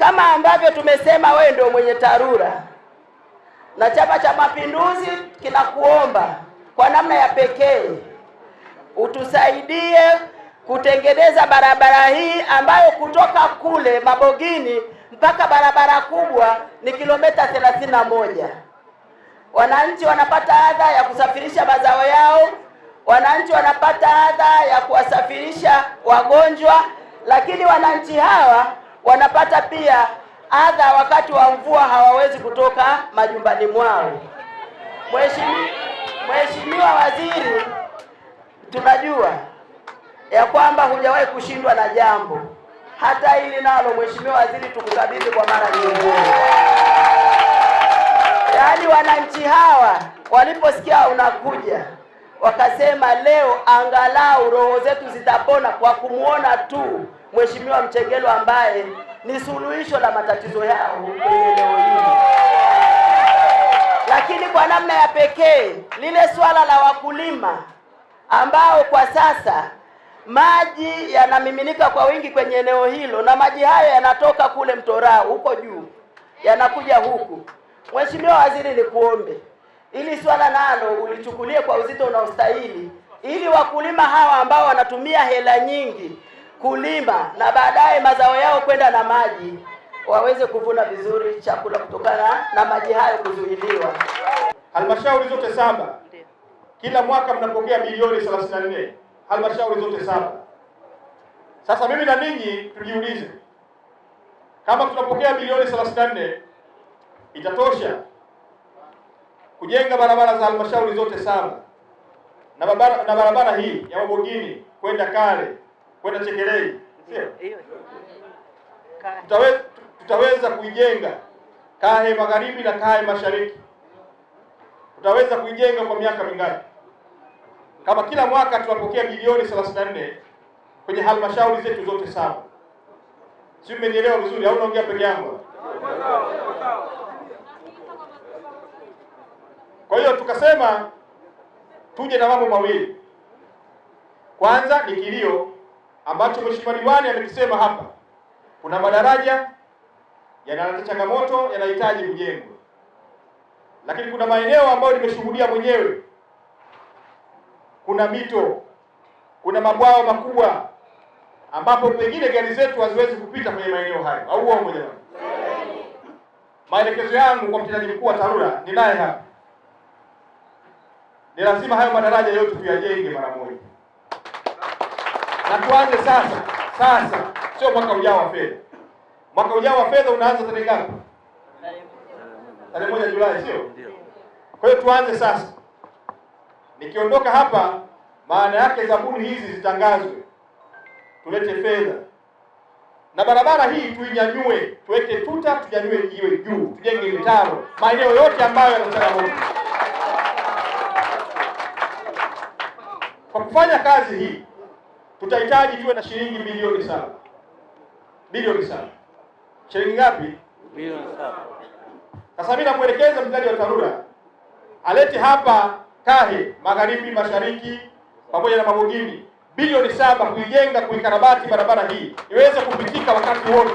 Kama ambavyo tumesema, wewe ndio mwenye TARURA na Chama cha Mapinduzi kinakuomba kwa namna ya pekee utusaidie kutengeneza barabara hii ambayo kutoka kule Mabogini mpaka barabara kubwa ni kilomita thelathini na moja. Wananchi wanapata adha ya kusafirisha mazao yao, wananchi wanapata adha ya kuwasafirisha wagonjwa, lakini wananchi hawa wanapata pia adha wakati wa mvua, hawawezi kutoka majumbani mwao. Mheshimiwa Waziri, tunajua ya kwamba hujawahi kushindwa na jambo hata hili nalo, Mheshimiwa Waziri, tukukabidhi kwa mara nyingine. Yaani wananchi hawa waliposikia unakuja wakasema leo angalau roho zetu zitapona kwa kumwona tu Mheshimiwa Mchengelo ambaye ni suluhisho la matatizo yao kwenye eneo hili. Lakini kwa namna ya pekee lile swala la wakulima ambao kwa sasa maji yanamiminika kwa wingi kwenye eneo hilo, na maji hayo yanatoka kule Mtorau huko juu yanakuja huku. Mheshimiwa Waziri, nikuombe ili swala nalo ulichukulie kwa uzito unaostahili, ili wakulima hawa ambao wanatumia hela nyingi kulima na baadaye mazao yao kwenda na maji waweze kuvuna vizuri chakula kutokana na maji hayo kuzuiliwa. Halmashauri zote saba kila mwaka mnapokea bilioni 34, halmashauri zote saba. Sasa mimi na ninyi tujiulize, kama tunapokea bilioni 34 itatosha kujenga barabara za halmashauri zote saba na barabara, na barabara hii ya Mabogini kwenda Kale kwenda Chekelei, tutaweza, tutaweza kuijenga Kahe Magharibi na Kahe Mashariki. Tutaweza kuijenga kwa miaka mingapi? Kama kila mwaka tunapokea bilioni 34 kwenye halmashauri zetu zote saba, si mmenielewa vizuri au unaongea peke yangu? Kwa hiyo tukasema tuje na mambo mawili. Kwanza ni kilio ambacho mheshimiwa diwani amekisema hapa, kuna madaraja yanaleta changamoto, yanahitaji kujengwa, lakini kuna maeneo ambayo nimeshuhudia mwenyewe, kuna mito, kuna mabwawa makubwa ambapo pengine gari zetu haziwezi kupita kwenye maeneo hayo, au uongo jamani? Maelekezo yangu kwa mtendaji mkuu wa TARURA ninaye hapa ni lazima hayo madaraja yote tuyajenge mara moja, na tuanze sasa. Sasa sio mwaka ujao wa fedha. Mwaka ujao wa fedha unaanza tarehe ngapi? Tarehe moja Julai, sio? Kwa hiyo tuanze sasa. Nikiondoka hapa, maana yake zabuni hizi zitangazwe, tulete fedha na barabara hii tuinyanyue, tuweke tuta, tunyanyue iwe juu, tujenge mitaro maeneo yote ambayo yana changamoto. Kwa kufanya kazi hii tutahitaji tuwe na shilingi bilioni saba. Bilioni saba, shilingi ngapi? Bilioni saba. Sasa mimi namuelekeza mtendaji wa TARURA alete hapa Kahe Magharibi, Mashariki pamoja na Mabogini bilioni saba kuijenga, kuikarabati barabara hii iweze kupitika wakati wote.